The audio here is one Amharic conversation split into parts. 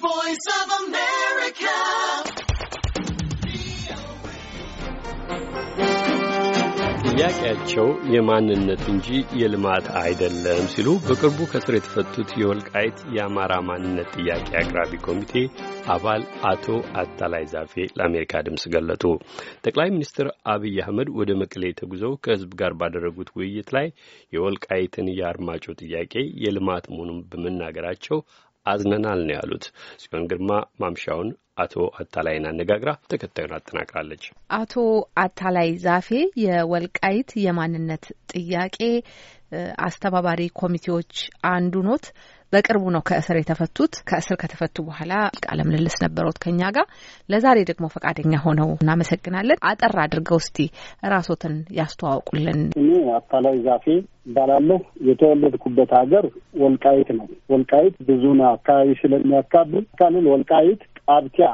voice of America. ጥያቄያቸው የማንነት እንጂ የልማት አይደለም ሲሉ በቅርቡ ከስር የተፈቱት የወልቃይት የአማራ ማንነት ጥያቄ አቅራቢ ኮሚቴ አባል አቶ አታላይ ዛፌ ለአሜሪካ ድምፅ ገለጡ። ጠቅላይ ሚኒስትር አብይ አህመድ ወደ መቀሌ ተጉዘው ከህዝብ ጋር ባደረጉት ውይይት ላይ የወልቃይትን የአርማጮ ጥያቄ የልማት መሆኑን በመናገራቸው አዝነናል ነው ያሉት። ጽዮን ግርማ ማምሻውን አቶ አታላይን አነጋግራ ተከታዩን አጠናቅራለች። አቶ አታላይ ዛፌ የወልቃይት የማንነት ጥያቄ አስተባባሪ ኮሚቴዎች አንዱ ኖት። በቅርቡ ነው ከእስር የተፈቱት። ከእስር ከተፈቱ በኋላ ቃለ ምልልስ ነበረውት ከኛ ጋር። ለዛሬ ደግሞ ፈቃደኛ ሆነው እናመሰግናለን። አጠር አድርገው እስቲ ራሶትን ያስተዋውቁልን። እኔ አታላይ ዛፌ እባላለሁ። የተወለድኩበት ሀገር ወልቃይት ነው። ወልቃይት ብዙ አካባቢ ስለሚያካብል ካልል ወልቃይት ቃብቲያ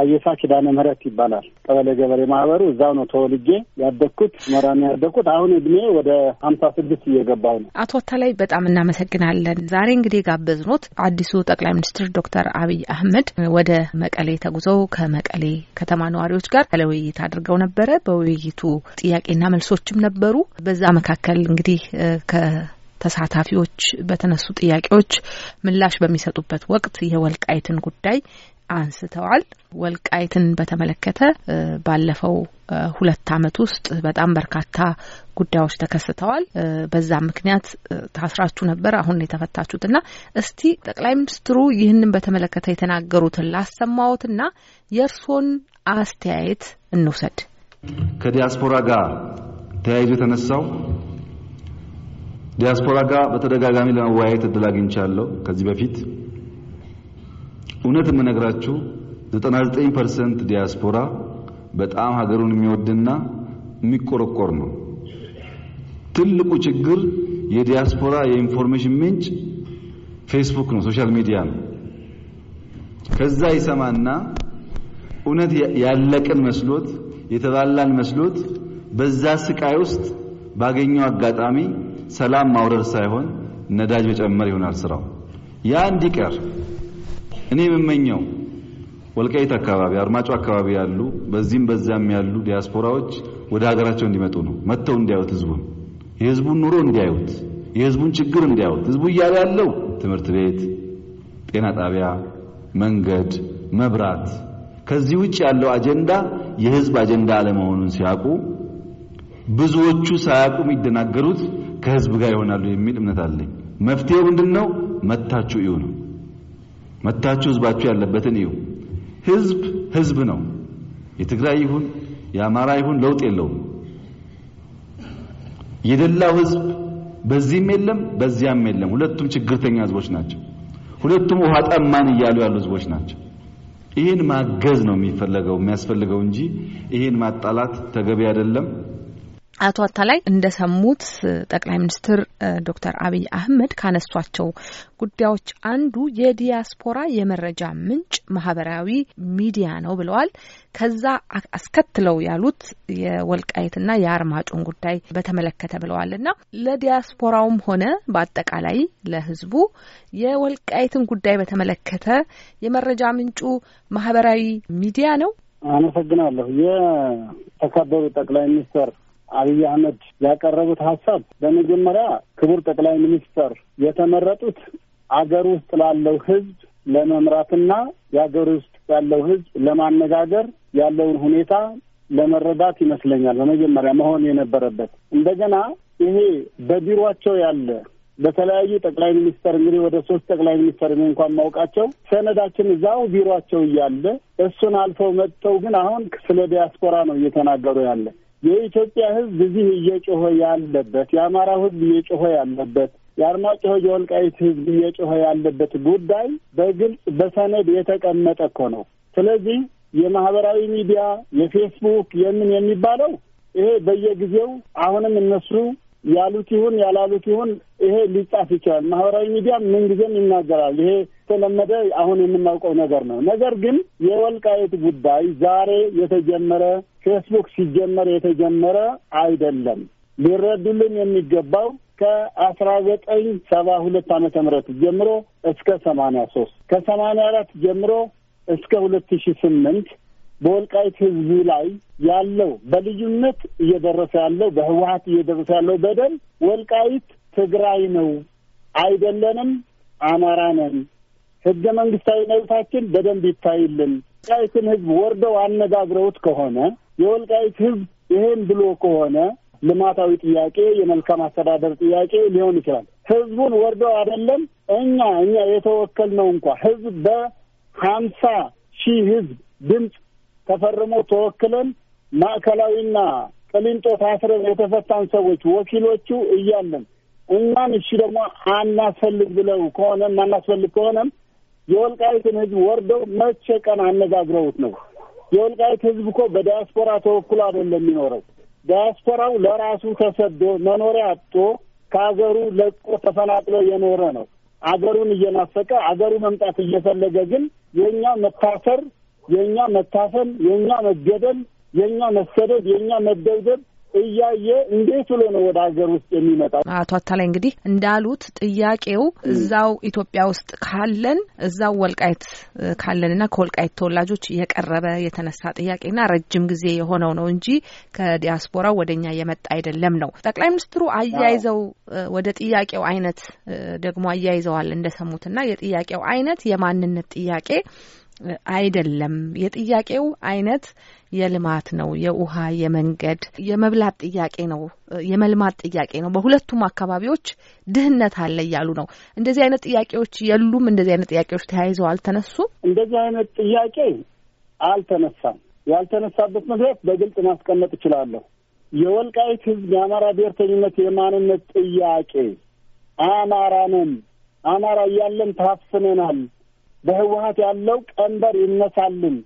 አየሳ ኪዳነ ምህረት ይባላል። ቀበሌ ገበሬ ማህበሩ እዛው ነው ተወልጄ ያደግኩት መራን ያደግኩት። አሁን እድሜ ወደ ሀምሳ ስድስት እየገባው ነው። አቶ አታላይ በጣም እናመሰግናለን። ዛሬ እንግዲህ ጋበዝኖት አዲሱ ጠቅላይ ሚኒስትር ዶክተር አብይ አህመድ ወደ መቀሌ ተጉዘው ከመቀሌ ከተማ ነዋሪዎች ጋር ውይይት አድርገው ነበረ። በውይይቱ ጥያቄና መልሶችም ነበሩ። በዛ መካከል እንግዲህ ከ ተሳታፊዎች በተነሱ ጥያቄዎች ምላሽ በሚሰጡበት ወቅት የወልቃይትን ጉዳይ አንስተዋል። ወልቃይትን በተመለከተ ባለፈው ሁለት አመት ውስጥ በጣም በርካታ ጉዳዮች ተከስተዋል። በዛም ምክንያት ታስራችሁ ነበር አሁን እና እስቲ ጠቅላይ ሚኒስትሩ ይህንን በተመለከተ የተናገሩትን እና የእርስዎን አስተያየት እንውሰድ። ከዲያስፖራ ጋር ተያይዞ የተነሳው ዲያስፖራ ጋር በተደጋጋሚ ለመወያየት እድል አግኝቻለሁ ከዚህ በፊት እውነት የምነግራችሁ 99% ዲያስፖራ በጣም ሀገሩን የሚወድና የሚቆረቆር ነው። ትልቁ ችግር የዲያስፖራ የኢንፎርሜሽን ምንጭ ፌስቡክ ነው፣ ሶሻል ሚዲያ ነው። ከዛ ይሰማና እውነት ያለቅን መስሎት የተባላን መስሎት በዛ ስቃይ ውስጥ ባገኘው አጋጣሚ ሰላም ማውረድ ሳይሆን ነዳጅ መጨመር ይሆናል ስራው ያ እንዲቀር እኔ የምመኘው ወልቃይት አካባቢ አርማጮ አካባቢ ያሉ በዚህም በዛም ያሉ ዲያስፖራዎች ወደ ሀገራቸው እንዲመጡ ነው። መጥተው እንዲያዩት ህዝቡን የህዝቡን ኑሮ እንዲያዩት የህዝቡን ችግር እንዲያዩት ህዝቡ እያለ ያለው ትምህርት ቤት፣ ጤና ጣቢያ፣ መንገድ፣ መብራት ከዚህ ውጭ ያለው አጀንዳ የህዝብ አጀንዳ አለመሆኑን ሲያውቁ ብዙዎቹ ሳያውቁ የሚደናገሩት ከህዝብ ጋር ይሆናሉ የሚል እምነት አለኝ። መፍትሄው ምንድነው? መታችሁ እዩ ነው። መታችሁ ህዝባችሁ ያለበትን እዩ። ህዝብ ህዝብ ነው። የትግራይ ይሁን የአማራ ይሁን ለውጥ የለውም። የደላው ህዝብ በዚህም የለም በዚያም የለም። ሁለቱም ችግርተኛ ህዝቦች ናቸው። ሁለቱም ውሃ ጠማን እያሉ ያሉ ህዝቦች ናቸው። ይህን ማገዝ ነው የሚፈለገው የሚያስፈልገው እንጂ ይህን ማጣላት ተገቢ አይደለም። አቶ አታላይ እንደሰሙት ጠቅላይ ሚኒስትር ዶክተር አብይ አህመድ ካነሷቸው ጉዳዮች አንዱ የዲያስፖራ የመረጃ ምንጭ ማህበራዊ ሚዲያ ነው ብለዋል። ከዛ አስከትለው ያሉት የወልቃየትና የአርማጮን ጉዳይ በተመለከተ ብለዋል እና ለዲያስፖራውም ሆነ በአጠቃላይ ለህዝቡ የወልቃየትን ጉዳይ በተመለከተ የመረጃ ምንጩ ማህበራዊ ሚዲያ ነው። አመሰግናለሁ። የተከበሩ ጠቅላይ ሚኒስትር አብይ አህመድ ያቀረቡት ሀሳብ በመጀመሪያ ክቡር ጠቅላይ ሚኒስትር የተመረጡት አገር ውስጥ ላለው ህዝብ ለመምራትና የአገር ውስጥ ያለው ህዝብ ለማነጋገር ያለውን ሁኔታ ለመረዳት ይመስለኛል በመጀመሪያ መሆን የነበረበት። እንደገና ይሄ በቢሮቸው ያለ በተለያዩ ጠቅላይ ሚኒስተር እንግዲህ ወደ ሶስት ጠቅላይ ሚኒስተር እኔ እንኳን ማውቃቸው ሰነዳችን እዛው ቢሮቸው እያለ እሱን አልፈው መጥተው ግን አሁን ስለ ዲያስፖራ ነው እየተናገሩ ያለ የኢትዮጵያ ሕዝብ እዚህ እየጮኸ ያለበት የአማራ ሕዝብ እየጮኸ ያለበት የአርማጭሆ የወልቃይት ሕዝብ እየጮኸ ያለበት ጉዳይ በግልጽ በሰነድ የተቀመጠ እኮ ነው። ስለዚህ የማህበራዊ ሚዲያ የፌስቡክ የምን የሚባለው ይሄ በየጊዜው አሁንም እነሱ ያሉት ይሁን ያላሉት ይሁን ይሄ ሊጻፍ ይችላል። ማህበራዊ ሚዲያ ምንጊዜም ይናገራል ይሄ የተለመደ አሁን የምናውቀው ነገር ነው። ነገር ግን የወልቃይት ጉዳይ ዛሬ የተጀመረ ፌስቡክ ሲጀመር የተጀመረ አይደለም። ሊረዱልን የሚገባው ከአስራ ዘጠኝ ሰባ ሁለት ዓመተ ምህረት ጀምሮ እስከ ሰማንያ ሶስት ከሰማንያ አራት ጀምሮ እስከ ሁለት ሺ ስምንት በወልቃይት ህዝቡ ላይ ያለው በልዩነት እየደረሰ ያለው በህወሀት እየደረሰ ያለው በደል ወልቃይት ትግራይ ነው አይደለንም፣ አማራ ነን ህገ መንግስታዊ መብታችን በደንብ ይታይልን። ወልቃይትን ህዝብ ወርደው አነጋግረውት ከሆነ የወልቃይት ህዝብ ይሄን ብሎ ከሆነ ልማታዊ ጥያቄ፣ የመልካም አስተዳደር ጥያቄ ሊሆን ይችላል። ህዝቡን ወርደው አይደለም እኛ እኛ የተወከልነው እንኳ ህዝብ በሀምሳ ሺህ ህዝብ ድምፅ ተፈርሞ ተወክለን ማዕከላዊና ቅሊንጦ ታስረን የተፈታን ሰዎች ወኪሎቹ እያለን እኛን እሺ ደግሞ አናስፈልግ ብለው ከሆነም አናስፈልግ ከሆነም የወልቃይትን ህዝብ ወርደው መቼ ቀን አነጋግረውት ነው? የወልቃይት ህዝብ እኮ በዳያስፖራ ተወክሎ አይደለም የሚኖረው። ዳያስፖራው ለራሱ ተሰዶ መኖሪያ አጥቶ ከሀገሩ ለቆ ተፈናቅሎ የኖረ ነው። አገሩን እየናፈቀ አገሩ መምጣት እየፈለገ ግን የእኛ መታሰር፣ የእኛ መታፈን፣ የእኛ መገደል፣ የእኛ መሰደድ፣ የእኛ መደብደብ እያየ እንዴት ብሎ ነው ወደ ሀገር ውስጥ የሚመጣው? አቶ አታላይ እንግዲህ እንዳሉት ጥያቄው እዛው ኢትዮጵያ ውስጥ ካለን እዛው ወልቃይት ካለንና ከወልቃይት ተወላጆች የቀረበ የተነሳ ጥያቄና ረጅም ጊዜ የሆነው ነው እንጂ ከዲያስፖራው ወደ እኛ የመጣ አይደለም ነው ጠቅላይ ሚኒስትሩ አያይዘው ወደ ጥያቄው አይነት ደግሞ አያይዘዋል እንደሰሙትና የጥያቄው አይነት የማንነት ጥያቄ አይደለም። የጥያቄው አይነት የልማት ነው፣ የውሃ የመንገድ፣ የመብላት ጥያቄ ነው፣ የመልማት ጥያቄ ነው። በሁለቱም አካባቢዎች ድህነት አለ እያሉ ነው። እንደዚህ አይነት ጥያቄዎች የሉም። እንደዚህ አይነት ጥያቄዎች ተያይዘው አልተነሱም። እንደዚህ አይነት ጥያቄ አልተነሳም። ያልተነሳበት ምክንያት በግልጽ ማስቀመጥ እችላለሁ። የወልቃይት ህዝብ የአማራ ብሔርተኝነት የማንነት ጥያቄ አማራ ነን፣ አማራ እያለን ታፍነናል በህወሀት ያለው ቀንበር ይነሳልን።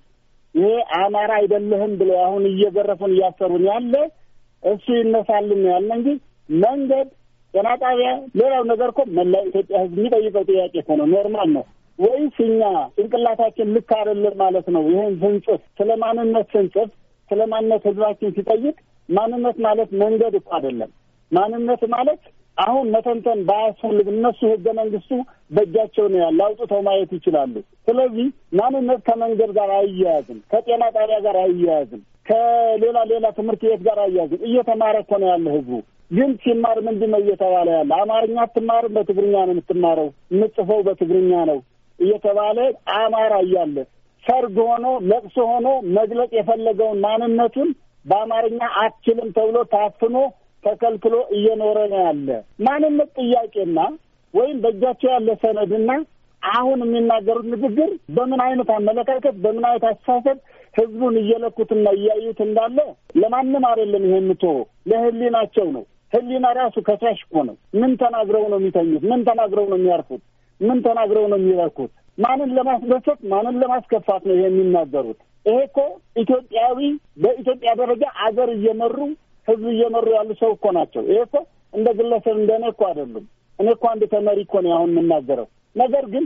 ይሄ አማራ አይደለህም ብሎ አሁን እየገረፉን እያሰሩን ያለ እሱ ይነሳልን ነው ያለ እንጂ መንገድ፣ ጤና ጣቢያ፣ ሌላው ነገር እኮ መላ ኢትዮጵያ ህዝብ የሚጠይቀው ጥያቄ እኮ ነው። ኖርማል ነው ወይስ እኛ ጭንቅላታችን ልክ አይደለም ማለት ነው? ይህን ስንጽፍ ስለ ማንነት ስንጽፍ ስለ ማንነት ህዝባችን ሲጠይቅ ማንነት ማለት መንገድ እኮ አይደለም። ማንነት ማለት አሁን መተንተን ባያስፈልግ እነሱ ህገ መንግስቱ በእጃቸው ነው ያለ፣ አውጥተው ማየት ይችላሉ። ስለዚህ ማንነት ከመንገድ ጋር አይያያዝም፣ ከጤና ጣቢያ ጋር አይያያዝም፣ ከሌላ ሌላ ትምህርት ቤት ጋር አይያያዝም። እየተማረ እኮ ነው ያለ ህዝቡ። ግን ሲማር ምንድን ነው እየተባለ ያለ? አማርኛ አትማርም፣ በትግርኛ ነው የምትማረው፣ የምጽፈው በትግርኛ ነው እየተባለ አማራ እያለ ሰርግ ሆኖ ለቅሶ ሆኖ መግለጽ የፈለገውን ማንነቱን በአማርኛ አትችልም ተብሎ ታፍኖ ተከልክሎ እየኖረ ነው ያለ ማንነት ጥያቄና ወይም በእጃቸው ያለ ሰነድና አሁን የሚናገሩት ንግግር በምን አይነት አመለካከት በምን አይነት አስተሳሰብ ህዝቡን እየለኩትና እያዩት እንዳለ ለማንም አይደለም። ይሄ የምትሆ ለህሊናቸው ነው። ህሊና ራሱ ከሳሽ እኮ ነው። ምን ተናግረው ነው የሚተኙት? ምን ተናግረው ነው የሚያርፉት? ምን ተናግረው ነው የሚለኩት? ማንን ለማስደሰት ማንን ለማስከፋት ነው ይሄ የሚናገሩት? ይሄ እኮ ኢትዮጵያዊ በኢትዮጵያ ደረጃ አገር እየመሩ ህዝብ እየመሩ ያሉ ሰው እኮ ናቸው። ይሄ እኮ እንደ ግለሰብ እንደ እኔ እኮ አይደሉም። እኔ እኮ አንድ ተመሪ እኮ ነው አሁን የምናገረው። ነገር ግን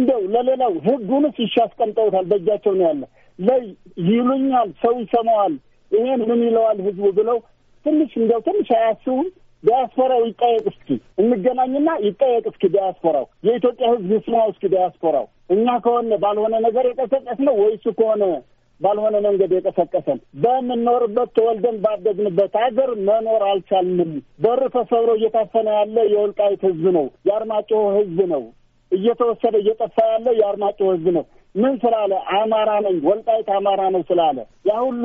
እንደው ለሌላው ህጉንስ ይሻ አስቀምጠውታል፣ በእጃቸው ነው ያለ ላይ ይሉኛል፣ ሰው ይሰማዋል፣ ይሄን ምን ይለዋል ህዝቡ ብለው ትንሽ እንደው ትንሽ አያስቡም። ዲያስፖራው ይጠየቅ እስኪ፣ እንገናኝና ይጠየቅ እስኪ ዲያስፖራው፣ የኢትዮጵያ ህዝብ ይስማው እስኪ ዲያስፖራው። እኛ ከሆነ ባልሆነ ነገር የቀሰቀስ ነው ወይሱ ከሆነ ባልሆነ መንገድ የቀሰቀሰን። በምንኖርበት ተወልደን ባደግንበት ሀገር መኖር አልቻልንም። በር ተሰብሮ እየታፈነ ያለ የወልቃይት ህዝብ ነው፣ የአርማጭሆ ህዝብ ነው። እየተወሰደ እየጠፋ ያለ የአርማጭሆ ህዝብ ነው። ምን ስላለ አማራ ነኝ፣ ወልቃይት አማራ ነው ስላለ ያ ሁሉ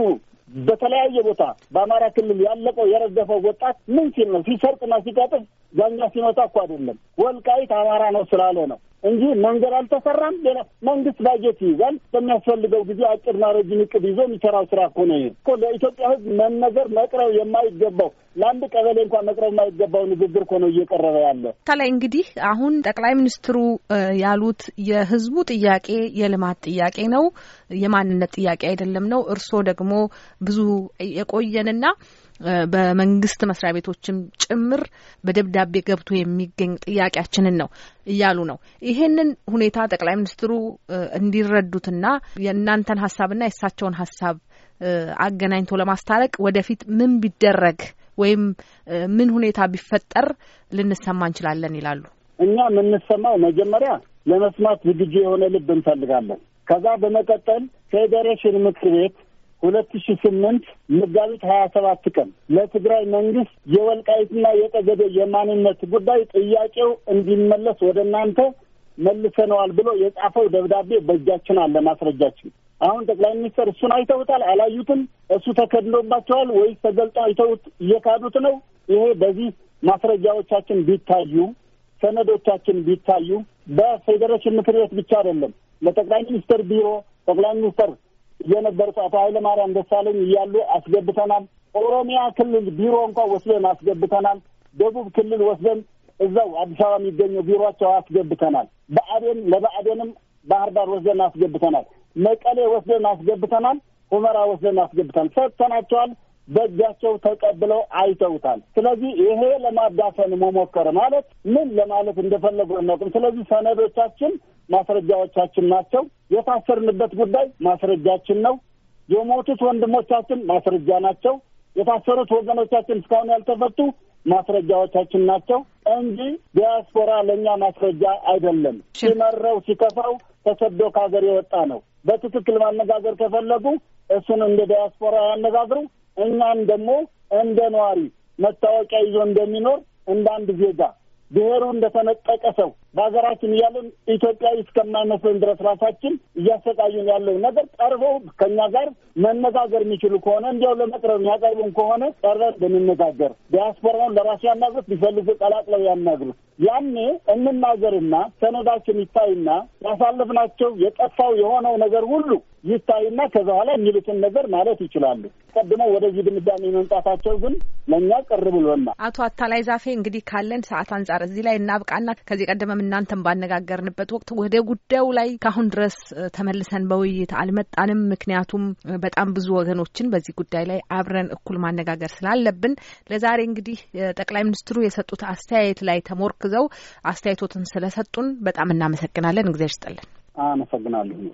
በተለያየ ቦታ በአማራ ክልል ያለቀው የረገፈው ወጣት ምን ሲል ነው? ሲሰርቅና ሲቀጥፍ ዛኛ ሲመታ እኮ አይደለም፣ ወልቃይት አማራ ነው ስላለ ነው። እንጂ መንገድ አልተሰራም። ሌላ መንግስት ባጀት ይይዛል። በሚያስፈልገው ጊዜ አጭርና ረጅም እቅድ ይዞ የሚሰራው ስራ እኮ ነው። እኮ ለኢትዮጵያ ህዝብ መነገር መቅረብ የማይገባው ለአንድ ቀበሌ እንኳን መቅረብ የማይገባው ንግግር እኮ ነው እየቀረበ ያለ። ከላይ እንግዲህ አሁን ጠቅላይ ሚኒስትሩ ያሉት የህዝቡ ጥያቄ የልማት ጥያቄ ነው፣ የማንነት ጥያቄ አይደለም ነው። እርስዎ ደግሞ ብዙ የቆየንና በመንግስት መስሪያ ቤቶችም ጭምር በደብዳቤ ገብቶ የሚገኝ ጥያቄያችንን ነው እያሉ ነው። ይሄንን ሁኔታ ጠቅላይ ሚኒስትሩ እንዲረዱትና የእናንተን ሀሳብና የእሳቸውን ሀሳብ አገናኝቶ ለማስታረቅ ወደፊት ምን ቢደረግ ወይም ምን ሁኔታ ቢፈጠር ልንሰማ እንችላለን ይላሉ? እኛ የምንሰማው መጀመሪያ ለመስማት ዝግጁ የሆነ ልብ እንፈልጋለን። ከዛ በመቀጠል ፌዴሬሽን ምክር ቤት ሁለት ሺ ስምንት መጋቢት ሀያ ሰባት ቀን ለትግራይ መንግስት የወልቃይትና የጠገዴ የማንነት ጉዳይ ጥያቄው እንዲመለስ ወደ እናንተ መልሰነዋል ብሎ የጻፈው ደብዳቤ በእጃችን አለ። ማስረጃችን አሁን ጠቅላይ ሚኒስትር እሱን አይተውታል? አላዩትም? እሱ ተከድሎባቸዋል ወይስ ተገልጦ አይተውት እየካዱት ነው? ይሄ በዚህ ማስረጃዎቻችን ቢታዩ ሰነዶቻችን ቢታዩ በፌዴሬሽን ምክር ቤት ብቻ አይደለም ለጠቅላይ ሚኒስትር ቢሮ ጠቅላይ ሚኒስትር የነበሩት አቶ ኃይለማርያም ደሳለኝ እያሉ አስገብተናል። ኦሮሚያ ክልል ቢሮ እንኳ ወስደን አስገብተናል። ደቡብ ክልል ወስደን እዛው አዲስ አበባ የሚገኘው ቢሮቸው አስገብተናል። በአዴን ለበአዴንም ባህር ዳር ወስደን አስገብተናል። መቀሌ ወስደን አስገብተናል። ሁመራ ወስደን አስገብተናል። ሰጥተናቸዋል። በእጃቸው ተቀብለው አይተውታል። ስለዚህ ይሄ ለማዳፈን መሞከር ማለት ምን ለማለት እንደፈለጉ አናውቅም። ስለዚህ ሰነዶቻችን ማስረጃዎቻችን ናቸው። የታሰርንበት ጉዳይ ማስረጃችን ነው። የሞቱት ወንድሞቻችን ማስረጃ ናቸው። የታሰሩት ወገኖቻችን እስካሁን ያልተፈቱ ማስረጃዎቻችን ናቸው እንጂ ዲያስፖራ ለእኛ ማስረጃ አይደለም። ሲመረው ሲከፋው ተሰዶ ከሀገር የወጣ ነው። በትክክል ማነጋገር ከፈለጉ እሱን እንደ ዲያስፖራ ያነጋግሩ። እኛም ደግሞ እንደ ነዋሪ መታወቂያ ይዞ እንደሚኖር እንደ አንድ ዜጋ ብሔሩ እንደተነጠቀ ሰው በሀገራችን እያለን ኢትዮጵያዊ እስከማይመስለን ድረስ ራሳችን እያሰቃዩን ያለው ነገር ቀርበው ከኛ ጋር መነጋገር የሚችሉ ከሆነ እንዲያው ለመቅረብ የሚያቀርቡን ከሆነ ቀርበን ብንነጋገር፣ ዲያስፖራውን ለራሱ ያናግሩት፣ ቢፈልጉ ቀላቅለው ያናግሩት። ያኔ እንናገርና ሰነዳችን ይታይና ያሳለፍናቸው የጠፋው የሆነው ነገር ሁሉ ይታይና ከዛ በኋላ የሚሉትን ነገር ማለት ይችላሉ። ቀድመው ወደዚህ ድምዳሜ መምጣታቸው ግን ለእኛ ቅር ብሎና አቶ አታላይ ዛፌ እንግዲህ ካለን ሰዓት አንጻር እዚህ ላይ እናብቃና ከዚህ ቀደመ በጣም እናንተን ባነጋገርንበት ወቅት ወደ ጉዳዩ ላይ ከአሁን ድረስ ተመልሰን በውይይት አልመጣንም። ምክንያቱም በጣም ብዙ ወገኖችን በዚህ ጉዳይ ላይ አብረን እኩል ማነጋገር ስላለብን ለዛሬ እንግዲህ ጠቅላይ ሚኒስትሩ የሰጡት አስተያየት ላይ ተሞርክዘው አስተያየቶትን ስለሰጡን በጣም እናመሰግናለን። እግዚአብሔር ይስጥልን። አመሰግናለሁ።